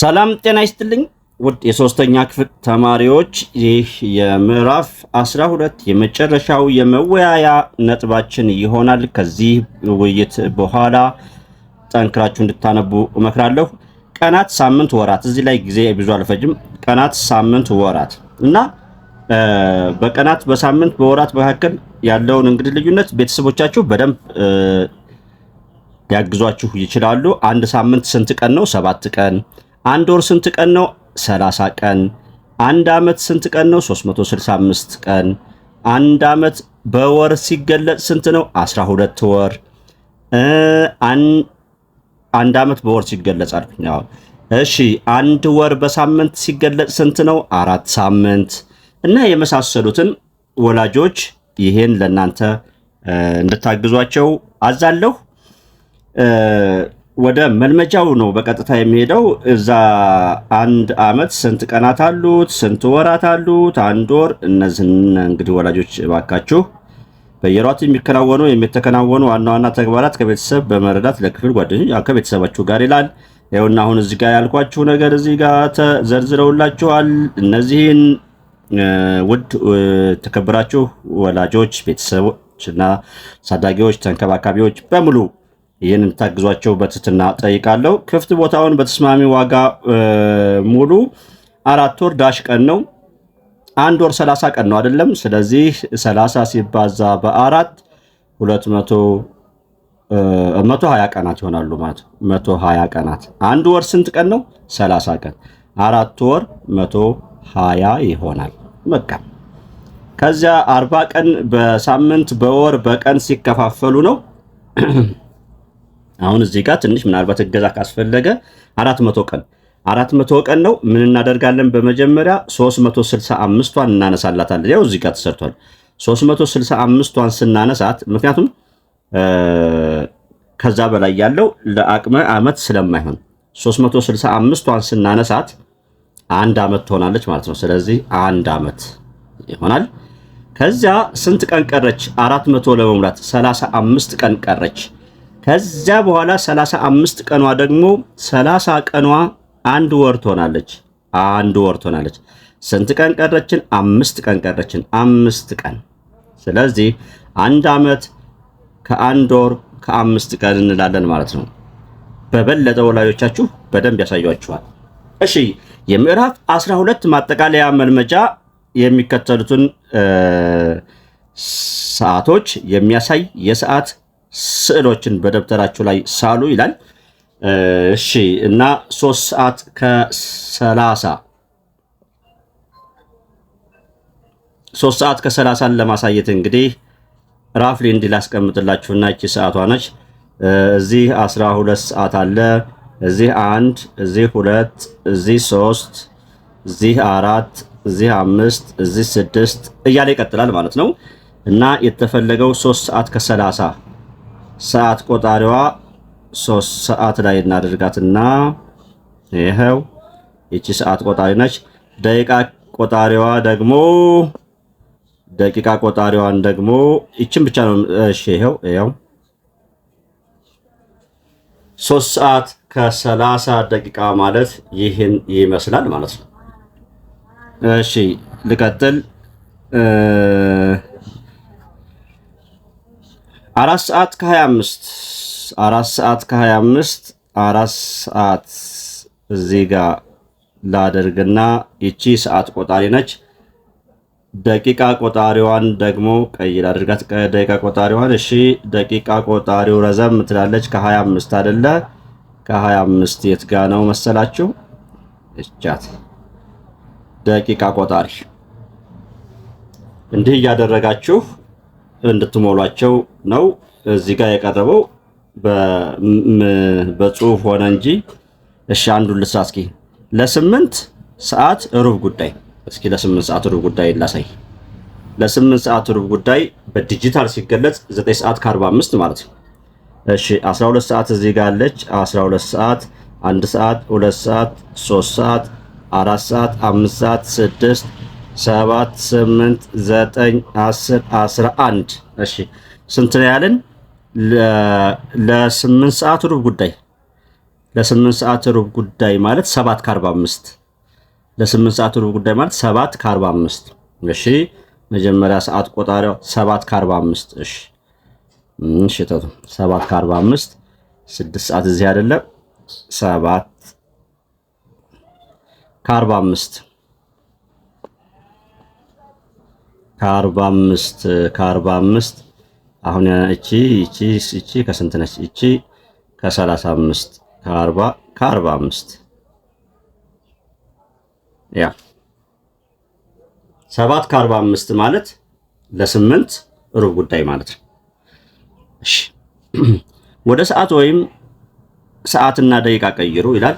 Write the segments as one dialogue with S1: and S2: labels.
S1: ሰላም ጤና ይስጥልኝ ውድ የሶስተኛ ክፍል ተማሪዎች፣ ይህ የምዕራፍ 12 የመጨረሻው የመወያያ ነጥባችን ይሆናል። ከዚህ ውይይት በኋላ ጠንክራችሁ እንድታነቡ እመክራለሁ። ቀናት፣ ሳምንት፣ ወራት እዚህ ላይ ጊዜ ብዙ አልፈጅም። ቀናት፣ ሳምንት፣ ወራት እና በቀናት በሳምንት በወራት መካከል ያለውን እንግዲህ ልዩነት ቤተሰቦቻችሁ በደንብ ሊያግዟችሁ ይችላሉ። አንድ ሳምንት ስንት ቀን ነው? ሰባት ቀን አንድ ወር ስንት ቀን ነው? 30 ቀን። አንድ ዓመት ስንት ቀን ነው? 365 ቀን። አንድ ዓመት በወር ሲገለጽ ስንት ነው? 12 ወር። አንድ ዓመት በወር ሲገለጽ አልኩኝ። እሺ፣ አንድ ወር በሳምንት ሲገለጽ ስንት ነው? አራት ሳምንት እና የመሳሰሉትን ወላጆች ይሄን ለእናንተ እንድታግዟቸው አዛለሁ። ወደ መልመጃው ነው በቀጥታ የሚሄደው። እዛ አንድ አመት ስንት ቀናት አሉት? ስንት ወራት አሉት? አንድ ወር። እነዚህን እንግዲህ ወላጆች እባካችሁ በየሯት የሚከናወኑ የሚተከናወኑ ዋና ዋና ተግባራት ከቤተሰብ በመረዳት ለክፍል ጓደኞች ከቤተሰባችሁ ጋር ይላል። ይኸውና አሁን እዚህ ጋር ያልኳችሁ ነገር እዚህ ጋር ተዘርዝረውላችኋል። እነዚህን ውድ ተከብራችሁ ወላጆች ቤተሰቦች እና ሳዳጊዎች ተንከባካቢዎች በሙሉ ይህን እንድታግዟቸው በትትና ጠይቃለሁ። ክፍት ቦታውን በተስማሚ ዋጋ ሙሉ አራት ወር ዳሽ ቀን ነው። አንድ ወር 30 ቀን ነው አይደለም። ስለዚህ 30 ሲባዛ በአራት 200 120 ቀናት ይሆናሉ ማለት ነው። 120 ቀናት አንድ ወር ስንት ቀን ነው? 30 ቀን። አራት ወር 120 ይሆናል። በቃ ከዚያ 40 ቀን በሳምንት በወር በቀን ሲከፋፈሉ ነው አሁን እዚህ ጋር ትንሽ ምናልባት እገዛ ካስፈለገ አራት መቶ ቀን አራት መቶ ቀን ነው። ምን እናደርጋለን? በመጀመሪያ 365ቷን እናነሳላታለን። ያው እዚህ ጋር ተሰርቷል። 365ቷን ስናነሳት ምክንያቱም ከዛ በላይ ያለው ለአቅመ ዓመት ስለማይሆን 365ቷን ስናነሳት አንድ ዓመት ትሆናለች ማለት ነው። ስለዚህ አንድ ዓመት ይሆናል። ከዚያ ስንት ቀን ቀረች? አራት መቶ ለመሙላት 35 ቀን ቀረች። ከዛ በኋላ 35 ቀኗ ደግሞ 30 ቀኗ አንድ ወር ትሆናለች። አንድ ወር ትሆናለች። ስንት ቀን ቀረችን? አምስት ቀን ቀረችን። አምስት ቀን። ስለዚህ አንድ ዓመት ከአንድ ወር ከአምስት ቀን እንላለን ማለት ነው። በበለጠ ወላጆቻችሁ በደንብ ያሳያችኋል። እሺ የምዕራፍ 12 ማጠቃለያ መልመጃ የሚከተሉትን ሰዓቶች የሚያሳይ የሰዓት ስዕሎችን በደብተራችሁ ላይ ሳሉ ይላል። እሺ እና ሶስት ሰዓት ከሰላሳ ሶስት ሰዓት ከሰላሳን ለማሳየት እንግዲህ ራፍሊ እንዲህ ላስቀምጥላችሁና እቺ ሰዓቷ ነች። እዚህ አስራ ሁለት ሰዓት አለ። እዚህ አንድ፣ እዚህ ሁለት፣ እዚህ ሶስት፣ እዚህ አራት፣ እዚህ አምስት፣ እዚህ ስድስት እያለ ይቀጥላል ማለት ነው እና የተፈለገው ሶስት ሰዓት ከሰላሳ ሰዓት ቆጣሪዋ ሶስት ሰዓት ላይ እናደርጋትና ይኸው ይቺ ሰዓት ቆጣሪ ነች። ደቂቃ ቆጣሪዋ ደግሞ ደቂቃ ቆጣሪዋን ደግሞ ይችን ብቻ ነው። እሺ ይኸው ይኸው ሶስት ሰዓት ከሰላሳ ደቂቃ ማለት ይህን ይመስላል ማለት ነው። እሺ ልቀጥል። አራት ሰዓት ከ25 አራት ሰዓት ከ25 አራት ሰዓት እዚህ ጋር ላደርግና ይቺ ሰዓት ቆጣሪ ነች። ደቂቃ ቆጣሪዋን ደግሞ ቀይ ላድርጋት። ደቂቃ ቆጣሪዋን እሺ፣ ደቂቃ ቆጣሪው ረዘም ትላለች። ከ25 አይደለ? ከ25 የት ጋ ነው መሰላችሁ? እቻት ደቂቃ ቆጣሪ እንዲህ እያደረጋችሁ እንድትሞሏቸው ነው እዚህ ጋር የቀረበው በጽሁፍ ሆነ እንጂ። እሺ አንዱን ልሳ እስኪ ለስምንት ሰዓት ሩብ ጉዳይ እስኪ ለስምንት ሰዓት ሩብ ጉዳይ ላሳይ። ለስምንት ሰዓት ሩብ ጉዳይ በዲጂታል ሲገለጽ ዘጠኝ ሰዓት ከአርባ አምስት ማለት ነው። እሺ 12 ሰዓት እዚህ ጋር አለች። 12 ሰዓት፣ 1 ሰዓት፣ 2 ሰዓት፣ 3 ሰዓት፣ 4 ሰዓት፣ 5 ሰዓት፣ 6 ሰባት ስምንት ዘጠኝ አስር አስራ አንድ እሺ ስንት ነው ያልን? ለስምንት ሰዓት ሩብ ጉዳይ ለስምንት ሰዓት ሩብ ጉዳይ ማለት ሰባት ከአርባ አምስት ለስምንት ሰዓት ሩብ ጉዳይ ማለት ሰባት ከአርባ አምስት እሺ መጀመሪያ ሰዓት ቆጣሪያው ሰባት ከአርባ አምስት እሺ እሺ ሰባት ከአርባ አምስት ስድስት ሰዓት እዚህ አይደለም ሰባት ከአርባ አምስት ከአርባ አምስት ከአርባ አምስት አሁን እቺ እቺ እቺ ከስንት ነች? እቺ ከሰላሳ አምስት ከአርባ ከአርባ አምስት ያ ሰባት ከአርባ አምስት ማለት ለስምንት ሩብ ጉዳይ ማለት ነው። እሺ ወደ ሰዓት ወይም ሰዓትና ደቂቃ ቀይሩ ይላል።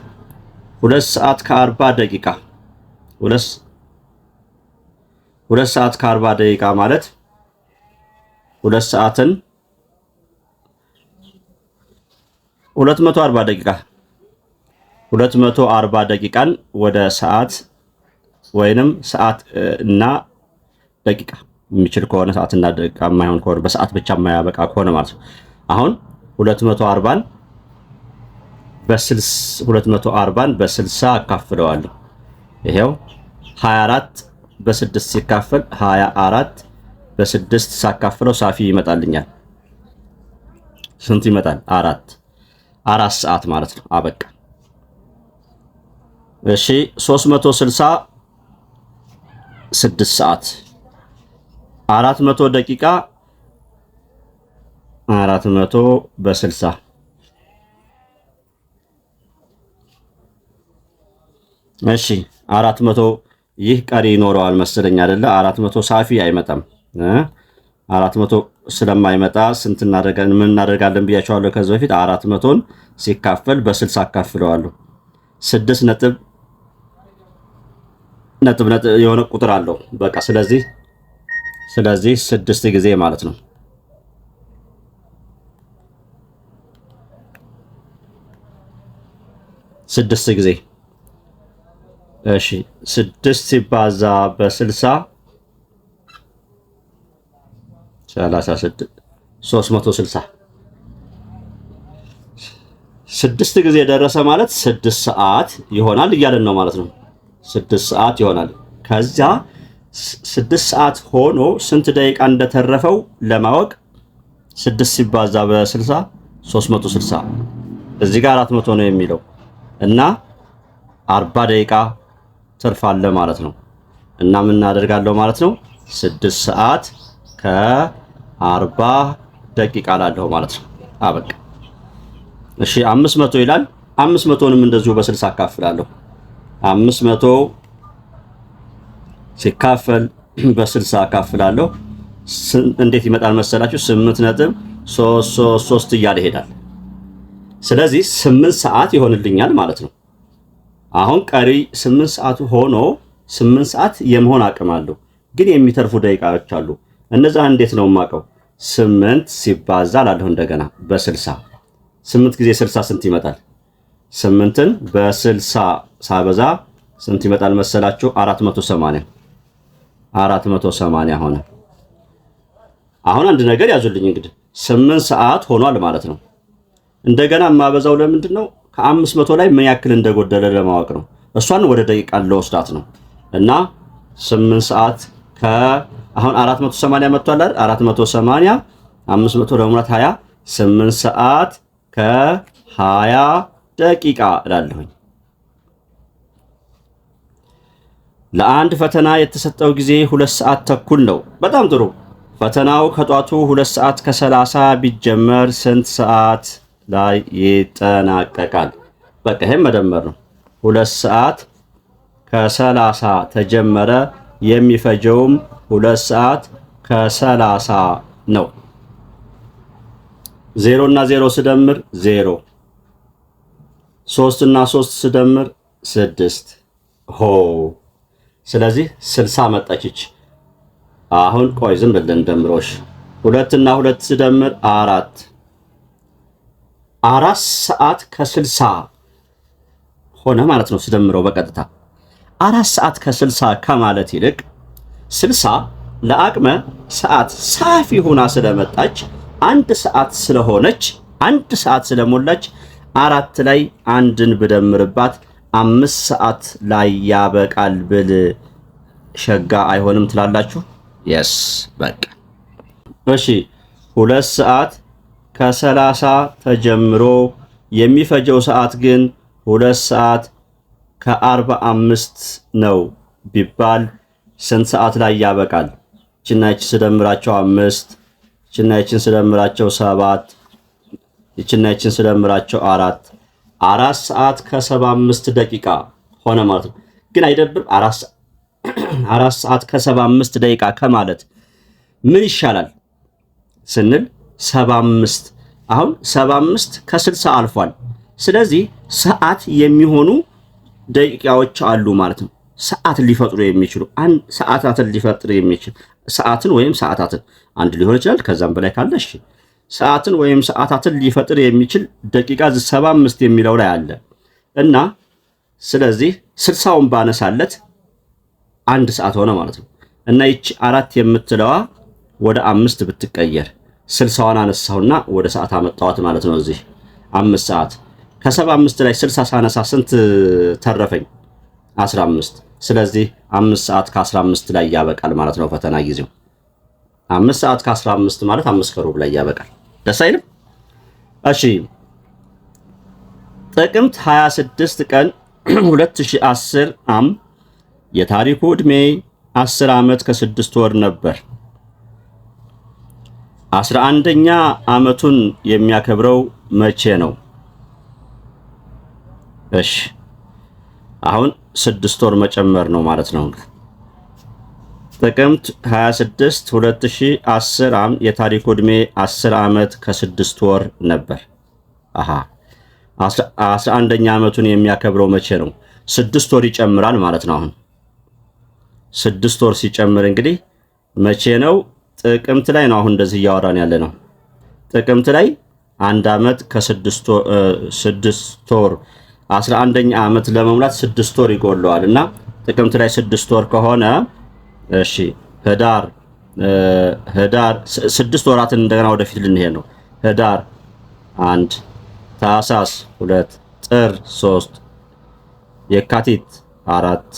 S1: ሁለት ሰዓት ከአርባ ደቂቃ ሁለት ሁለት ሰዓት ከአርባ ደቂቃ ማለት ሁለት ሰዓትን ሁለት መቶ አርባ ደቂቃ ሁለት መቶ አርባ ደቂቃን ወደ ሰዓት ወይንም ሰዓት እና ደቂቃ የሚችል ከሆነ ሰዓት እና ደቂቃ የማይሆን ከሆነ በሰዓት ብቻ የማያበቃ ከሆነ ማለት ነው። አሁን 240 አርባን በ240ን በ60 አካፍለዋለሁ። ይሄው 24 በስድስት ሲካፈል ሀያ አራት በስድስት ሳካፍለው ሳፊ ይመጣልኛል። ስንት ይመጣል? አራት አራት ሰዓት ማለት ነው። አበቃ። እሺ 360 ስድስት ሰዓት አራት መቶ ደቂቃ አራት መቶ በስልሳ እሺ አራት መቶ ይህ ቀሪ ይኖረዋል መሰለኝ አይደለ? አራት መቶ ሳፊ አይመጣም። አራት መቶ ስለማይመጣ ስንት ምን እናደርጋለን ብያቸዋለሁ ከዚህ በፊት። አራት መቶን ሲካፈል በስልሳ አካፍለዋለሁ። ስድስት ነጥብ ነጥብ ነጥብ የሆነ ቁጥር አለው በቃ ስለዚህ ስለዚህ ስድስት ጊዜ ማለት ነው። ስድስት ጊዜ እሺ ስድስት ሲባዛ በስልሳ ሰላሳ ስድስት ሶስት መቶ ስልሳ ስድስት ጊዜ ደረሰ ማለት ስድስት ሰዓት ይሆናል እያለን ነው ማለት ነው። ስድስት ሰዓት ይሆናል። ከዚያ ስድስት ሰዓት ሆኖ ስንት ደቂቃ እንደተረፈው ለማወቅ ስድስት ሲባዛ በስልሳ ሶስት መቶ ስልሳ እዚህ ጋር አራት መቶ ነው የሚለው እና አርባ ደቂቃ ትርፍ አለ ማለት ነው። እና ምን እናደርጋለሁ ማለት ነው ስድስት ሰዓት ከአርባ ደቂቃ ላለሁ ማለት ነው። አበቃ። እሺ አምስት መቶ ይላል። አምስት መቶንም እንደዚሁ በስልሳ አካፍላለሁ። አምስት መቶ ሲካፈል በስልሳ አካፍላለሁ እንዴት ይመጣል መሰላችሁ? ስምንት ነጥብ ሶስት ሶስት ሶስት እያለ ይሄዳል። ስለዚህ ስምንት ሰዓት ይሆንልኛል ማለት ነው። አሁን ቀሪ ስምንት ሰዓት ሆኖ ስምንት ሰዓት የመሆን አቅም አለው፣ ግን የሚተርፉ ደቂቃዎች አሉ። እነዛ እንዴት ነው የማውቀው? ስምንት ሲባዛ ላለሁ እንደገና በስልሳ ስምንት ጊዜ ስልሳ ስንት ይመጣል? ስምንትን በስልሳ ሳበዛ ስንት ይመጣል መሰላችሁ? አራት መቶ ሰማንያ አራት መቶ ሰማንያ ሆነ። አሁን አንድ ነገር ያዙልኝ እንግዲህ ስምንት ሰዓት ሆኗል ማለት ነው። እንደገና የማበዛው ለምንድን ነው? ከአምስት መቶ ላይ ምን ያክል እንደጎደለ ለማወቅ ነው። እሷን ወደ ደቂቃ ለወስዳት ነው እና ስምንት ሰዓት አሁን 480 መጥቷል አይደል? 480 500 ለመሙላት 20 8 ሰዓት ከ20 ደቂቃ እላለሁኝ። ለአንድ ፈተና የተሰጠው ጊዜ ሁለት ሰዓት ተኩል ነው። በጣም ጥሩ። ፈተናው ከጧቱ ሁለት ሰዓት ከ30 ቢጀመር ስንት ሰዓት ላይ ይጠናቀቃል። በቃ ይሄ መደመር ነው። ሁለት ሰዓት ከሰላሳ ተጀመረ። የሚፈጀውም ሁለት ሰዓት ከሰላሳ ነው። ዜሮ እና ዜሮ ስደምር ዜሮ፣ ሶስት እና ሶስት ስደምር ስድስት። ሆ ስለዚህ ስልሳ መጣችች። አሁን ቆይ ዝም ብለን ደምሮሽ ሁለት እና ሁለት ስደምር አራት አራት ሰዓት ከስልሳ ሆነ ማለት ነው። ስደምረው በቀጥታ አራት ሰዓት ከስልሳ ከማለት ይልቅ ስልሳ ለአቅመ ሰዓት ሳፊ ሆና ስለመጣች አንድ ሰዓት ስለሆነች አንድ ሰዓት ስለሞላች አራት ላይ አንድን ብደምርባት አምስት ሰዓት ላይ ያበቃል ብል ሸጋ አይሆንም ትላላችሁ?
S2: የስ በቃ
S1: እሺ፣ ሁለት ሰዓት ከሰላሳ ተጀምሮ የሚፈጀው ሰዓት ግን ሁለት ሰዓት ከአርባ አምስት ነው ቢባል ስንት ሰዓት ላይ ያበቃል? ይችናችን ስደምራቸው አምስት ይችናችን ስደምራቸው ሰባት ይችናችን ስደምራቸው አራት አራት ሰዓት ከሰባ አምስት ደቂቃ ሆነ ማለት ነው። ግን አይደብር አራት ሰዓት ከሰባ አምስት ደቂቃ ከማለት ምን ይሻላል ስንል 75 አሁን 75 ከ60 አልፏል። ስለዚህ ሰዓት የሚሆኑ ደቂቃዎች አሉ ማለት ነው። ሰዓት ሊፈጥሩ የሚችሉ አንድ ሰዓታትን ሊፈጥሩ የሚችል ሰዓትን ወይም ሰዓታትን አንድ ሊሆን ይችላል ከዛም በላይ ካለ እሺ። ሰዓትን ወይም ሰዓታትን ሊፈጥር የሚችል ደቂቃ 75 የሚለው ላይ አለ እና ስለዚህ ስልሳውን ባነሳለት አንድ ሰዓት ሆነ ማለት ነው እና ይቺ አራት የምትለዋ ወደ አምስት ብትቀየር ስልሳዋን አነሳሁና ወደ ሰዓት አመጣዋት ማለት ነው። እዚህ አምስት ሰዓት ከሰባ አምስት ላይ ስልሳ ሳነሳ ስንት ተረፈኝ? አስራ አምስት ስለዚህ አምስት ሰዓት ከአስራ አምስት ላይ ያበቃል ማለት ነው ፈተና ጊዜው። አምስት ሰዓት ከአስራ አምስት ማለት አምስት ከሩብ ላይ ያበቃል። ደስ አይልም? እሺ ጥቅምት 26 ቀን 2010 አም የታሪኩ ዕድሜ 10 ዓመት ከስድስት ወር ነበር። አስራ አንደኛ ዓመቱን የሚያከብረው መቼ ነው? እሺ አሁን ስድስት ወር መጨመር ነው ማለት ነው። ጥቅምት 26 2010 ዓም የታሪኩ ዕድሜ 10 ዓመት ከስድስት ወር ነበር። አሃ 11ኛ ዓመቱን የሚያከብረው መቼ ነው? ስድስት ወር ይጨምራል ማለት ነው። አሁን ስድስት ወር ሲጨምር እንግዲህ መቼ ነው ጥቅምት ላይ ነው አሁን እንደዚህ እያወራን ያለ ነው። ጥቅምት ላይ አንድ ዓመት ከስድስት ወር አስራ አንደኛ ዓመት ለመሙላት ስድስት ወር ይጎለዋል እና ጥቅምት ላይ ስድስት ወር ከሆነ እሺ ህዳር ህዳር ስድስት ወራትን እንደገና ወደፊት ልንሄድ ነው። ህዳር አንድ ታህሳስ ሁለት ጥር ሶስት የካቲት አራት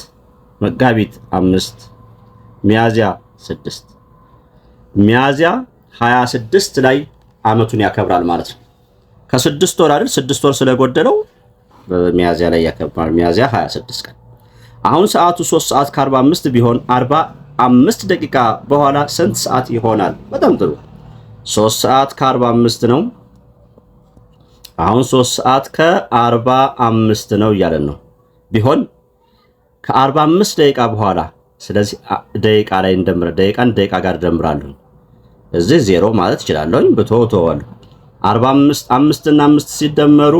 S1: መጋቢት አምስት ሚያዚያ ስድስት ሚያዚያ 26 ላይ አመቱን ያከብራል ማለት ነው። ከስድስት ወር አይደል ስድስት ወር ስለጎደለው ሚያዚያ ላይ ያከብራል። ሚያዚያ 26 ቀን አሁን ሰዓቱ 3 ሰዓት ከ45 ቢሆን 45 ደቂቃ በኋላ ስንት ሰዓት ይሆናል? በጣም ጥሩ 3 ሰዓት ከ45 ነው። አሁን 3 ሰዓት ከ45 ነው እያለን ነው ቢሆን ከ45 ደቂቃ በኋላ ስለዚህ ደቂቃ ላይ እንደምረ ደቂቃን ደቂቃ ጋር ደምራለሁ እዚህ ዜሮ ማለት እችላለሁኝ ብተወው ተወዋለሁ። አርባ እና 5 ሲደመሩ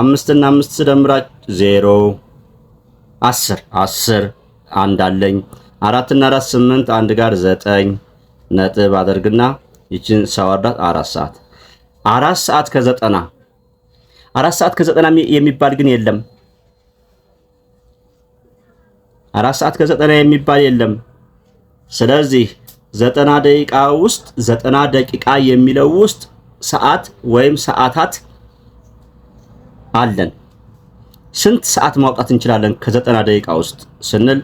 S1: 5 እና 5 ስደምራች 0 10 10 አንድ አለኝ። 4 እና 4 8 አንድ ጋር 9 ነጥብ አደርግና ይችን ሳወርዳት 4 ሰዓት 4 ሰዓት ከዘጠና 4 ሰዓት ከዘጠና የሚባል ግን የለም። አራት ሰዓት ከዘጠና የሚባል የለም። ስለዚህ ዘጠና ደቂቃ ውስጥ ዘጠና ደቂቃ የሚለው ውስጥ ሰዓት ወይም ሰዓታት አለን። ስንት ሰዓት ማውጣት እንችላለን ከዘጠና ደቂቃ ውስጥ ስንል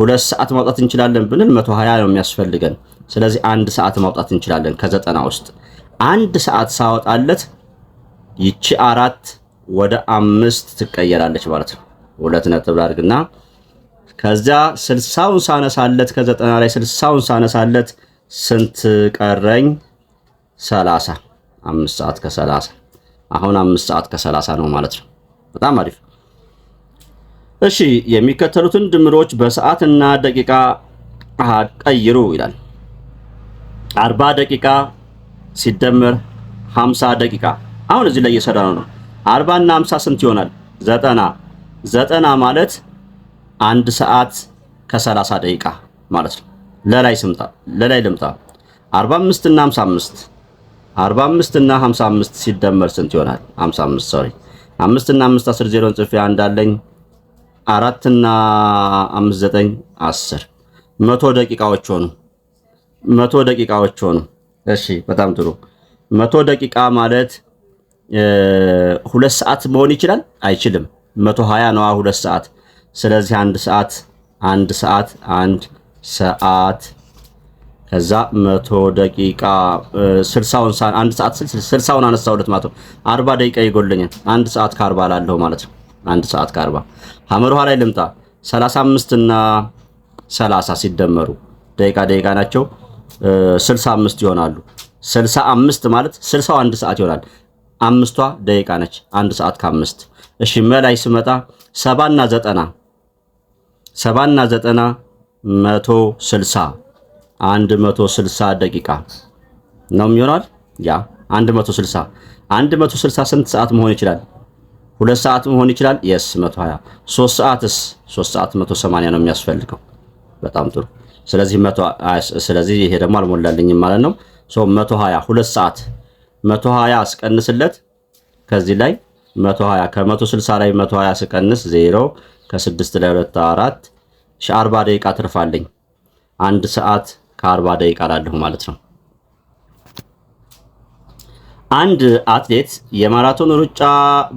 S1: ሁለት ሰዓት ማውጣት እንችላለን ብንል መቶ ሀያ ነው የሚያስፈልገን። ስለዚህ አንድ ሰዓት ማውጣት እንችላለን ከዘጠና ውስጥ አንድ ሰዓት ሳወጣለት ይቺ አራት ወደ አምስት ትቀየራለች ማለት ነው። ሁለት ነጥብ ላድርግና ከዚያ ስልሳውን ሳነሳለት ከዘጠና ላይ ስልሳውን ሳነሳለት ስንት ቀረኝ? ሰላሳ አምስት ሰዓት ከሰላሳ አሁን አምስት ሰዓት ከሰላሳ ነው ማለት ነው። በጣም አሪፍ። እሺ የሚከተሉትን ድምሮች በሰዓትና ደቂቃ አቀይሩ ቀይሩ ይላል። አርባ ደቂቃ ሲደመር ሀምሳ ደቂቃ አሁን እዚህ ላይ እየሰራ ነው ነው። እና ሀምሳ ስንት ይሆናል? ዘጠና ዘጠና ማለት አንድ ሰዓት ከ30 ደቂቃ ማለት ነው። ለላይ ስምጣ ለላይ ልምጣ 45 እና 55 45 እና 55 ሲደመር ስንት ይሆናል? 55 ሶሪ 5 እና 5 10 ዜሮን ጽፌ እንዳለኝ 4 እና 5 9 10 100 ደቂቃዎች ሆኑ። 100 ደቂቃዎች ሆኑ። እሺ በጣም ጥሩ። 100 ደቂቃ ማለት ሁለት ሰዓት መሆን ይችላል? አይችልም። 120 ሀያ ነዋ ሁለት ሰዓት ስለዚህ አንድ ሰዓት አንድ ሰዓት አንድ ሰዓት ከዛ መቶ ደቂቃ ስልሳውን አንድ ሰዓት ስልሳውን አነሳሁለት ማለት ነው። አርባ ደቂቃ ይጎለኛል። አንድ ሰዓት ከአርባ ላለሁ ማለት ነው። አንድ ሰዓት ከአርባ ሀመር ላይ ልምጣ። ሰላሳ አምስት እና ሰላሳ ሲደመሩ ደቂቃ ደቂቃ ናቸው ስልሳ አምስት ይሆናሉ። ስልሳ አምስት ማለት ስልሳው አንድ ሰዓት ይሆናል። አምስቷ ደቂቃ ነች። አንድ ሰዓት ከአምስት እሺ መላይ ስመጣ ሰባና ዘጠና ሰባና ዘጠና መቶ ስልሳ አንድ መቶ ስልሳ ደቂቃ ነው የሚሆናል። ያ አንድ መቶ ስልሳ አንድ መቶ ስልሳ ስንት ሰዓት መሆን ይችላል? ሁለት ሰዓት መሆን ይችላል። የስ መቶ ሀያ ሶስት ሰዓትስ? ሶስት ሰዓት መቶ ሰማንያ ነው የሚያስፈልገው። በጣም ጥሩ። ስለዚህ መቶ ስለዚህ ይሄ ደግሞ አልሞላልኝም ማለት ነው። ሶ መቶ ሀያ ሁለት ሰዓት መቶ ሀያ አስቀንስለት ከዚህ ላይ መቶ ሀያ ከመቶ ስልሳ ላይ መቶ ሀያ ስቀንስ ዜሮ ከስድስት ለሁለት አራት ሺ አርባ ደቂቃ ትርፋለኝ። አንድ ሰዓት ከአርባ ደቂቃ ላለሁ ማለት ነው። አንድ አትሌት የማራቶን ሩጫ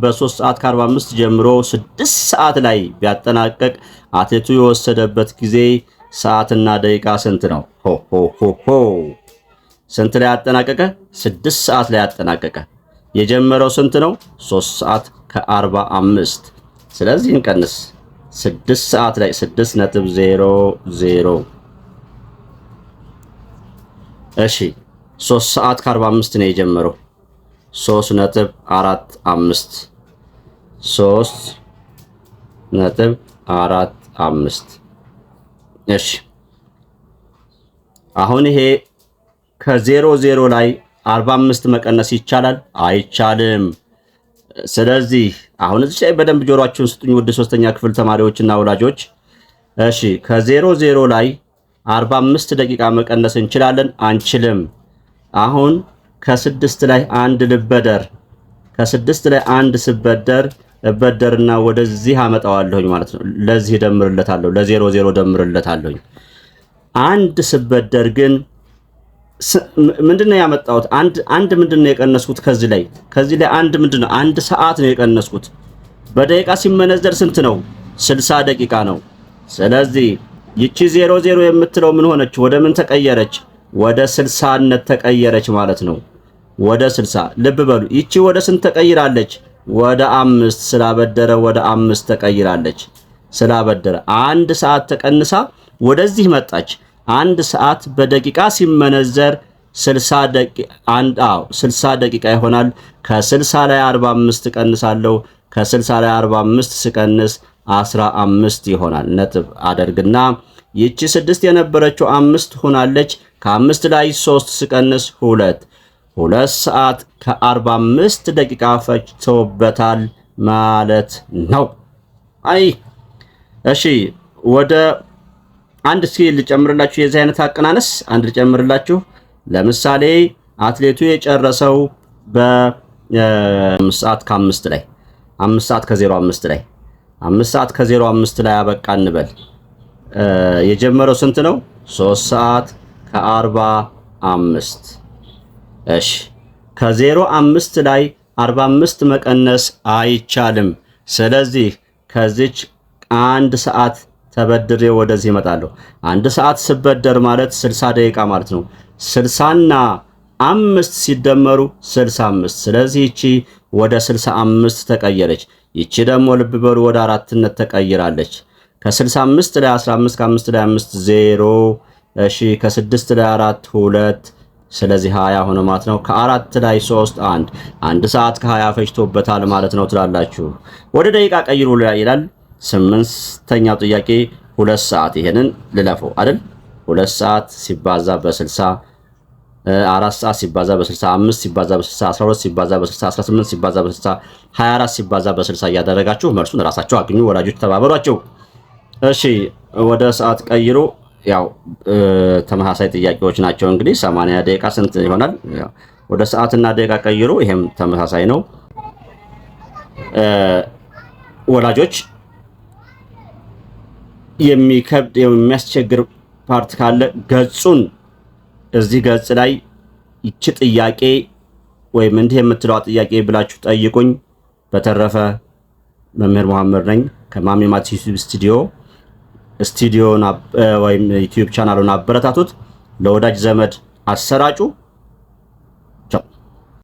S1: በ3 ሰዓት 45 ጀምሮ 6 ሰዓት ላይ ቢያጠናቀቅ አትሌቱ የወሰደበት ጊዜ ሰዓትና ደቂቃ ስንት ነው? ሆ ሆ ሆ ሆ ስንት ላይ አጠናቀቀ? 6 ሰዓት ላይ አጠናቀቀ። የጀመረው ስንት ነው? 3 ሰዓት ከ45 ስለዚህ እንቀንስ ስድስት ሰዓት ላይ ስድስት ነጥብ ዜሮ ዜሮ እሺ ሶስት ሰዓት ከአርባ አምስት ነው የጀመረው። ሶስት ነጥብ አራት አምስት ሶስት ነጥብ አራት አምስት እሺ አሁን ይሄ ከዜሮ ዜሮ ላይ አርባ አምስት መቀነስ ይቻላል አይቻልም? ስለዚህ አሁን እዚህ ላይ በደንብ ጆሮአችሁን ስጡኝ ውድ ሶስተኛ ክፍል ተማሪዎችና ወላጆች። እሺ ከዜሮ ዜሮ ላይ 45 ደቂቃ መቀነስ እንችላለን አንችልም? አሁን ከስድስት ላይ አንድ ልበደር ከስድስት ላይ አንድ ስበደር እበደርና ወደዚህ አመጣዋለሁኝ ማለት ነው። ለዚህ ደምርለታለሁ ለዜሮ ዜሮ ደምርለታለሁኝ። አንድ ስበደር ግን ምንድነው ያመጣሁት? አንድ አንድ ምንድነው የቀነስኩት? ከዚህ ላይ ከዚህ ላይ አንድ ምንድነው? አንድ ሰዓት ነው የቀነስኩት። በደቂቃ ሲመነዘር ስንት ነው? 60 ደቂቃ ነው። ስለዚህ ይቺ ዜሮ ዜሮ የምትለው ምን ሆነች? ወደ ምን ተቀየረች? ወደ ስልሳነት ተቀየረች ማለት ነው። ወደ 60 ልብ በሉ። ይቺ ወደ ስንት ተቀይራለች? ወደ አምስት ስላበደረ ወደ አምስት ተቀይራለች። ስላበደረ አንድ ሰዓት ተቀንሳ ወደዚህ መጣች። አንድ ሰዓት በደቂቃ ሲመነዘር 60 ደቂቃ አንድ አዎ 60 ደቂቃ ይሆናል። ከ60 ላይ 45 ቀንሳለሁ። ከ60 ላይ 45 ስቀንስ 15 ይሆናል። ነጥብ አደርግና ይቺ ስድስት የነበረችው አምስት ሆናለች። ከአምስት ላይ 3 ስቀንስ 2 2 ሰዓት ከ45 ደቂቃ ፈጅቶበታል ማለት ነው። አይ እሺ ወደ አንድ እስኪ ልጨምርላችሁ፣ የዚህ አይነት አቀናነስ አንድ ልጨምርላችሁ። ለምሳሌ አትሌቱ የጨረሰው በ5 ሰዓት ከአምስት ላይ 5 ሰዓት ከ05 ላይ 5 ሰዓት ከ05 ላይ አበቃ እንበል። የጀመረው ስንት ነው? 3 ሰዓት ከ45። እሺ ከ05 ላይ 45 መቀነስ አይቻልም። ስለዚህ ከዚች አንድ ሰዓት ተበድሬ ወደዚህ እመጣለሁ። አንድ ሰዓት ስበደር ማለት 60 ደቂቃ ማለት ነው። እና አምስት ሲደመሩ 65። ስለዚህ እቺ ወደ 65 ተቀየረች። ይቺ ደግሞ ልብ በሉ ወደ አራትነት ተቀይራለች። ከ65 ላይ 15፣ ከ5 ላይ 5 0። እሺ ከ6 ላይ 4 2 ስለዚህ 20 ሆነ ማለት ነው። ከአራት ላይ 3 1 አንድ ሰዓት ከ20 ፈጅቶበታል ማለት ነው ትላላችሁ። ወደ ደቂቃ ቀይሩ ይላል። ስምንተኛው ጥያቄ ሁለት ሰዓት ይሄንን ልለፈው አይደል? ሁለት ሰዓት ሲባዛ በስልሳ አራት ሰዓት ሲባዛ በስልሳ አምስት ሲባዛ በስልሳ አስራ ሁለት ሲባዛ በስልሳ አስራ ስምንት ሲባዛ በስልሳ ሀያ አራት ሲባዛ በስልሳ እያደረጋችሁ መልሱን እራሳቸው አግኙ። ወላጆች ተባበሯቸው። እሺ ወደ ሰዓት ቀይሮ ያው ተመሳሳይ ጥያቄዎች ናቸው። እንግዲህ ሰማንያ ደቂቃ ስንት ይሆናል? ወደ ሰዓትና ደቂቃ ቀይሮ ይሄም ተመሳሳይ ነው። ወላጆች የሚከብድ የሚያስቸግር ፓርት ካለ ገጹን እዚህ ገጽ ላይ ይቺ ጥያቄ ወይም እንዲህ የምትለዋ ጥያቄ ብላችሁ ጠይቁኝ። በተረፈ መምህር መሐመድ ነኝ ከማሚ ማትስ ዩቲዩብ ስቱዲዮ ስቱዲዮን ወይም ዩቲዩብ ቻናሉን አበረታቱት፣ ለወዳጅ ዘመድ አሰራጩ።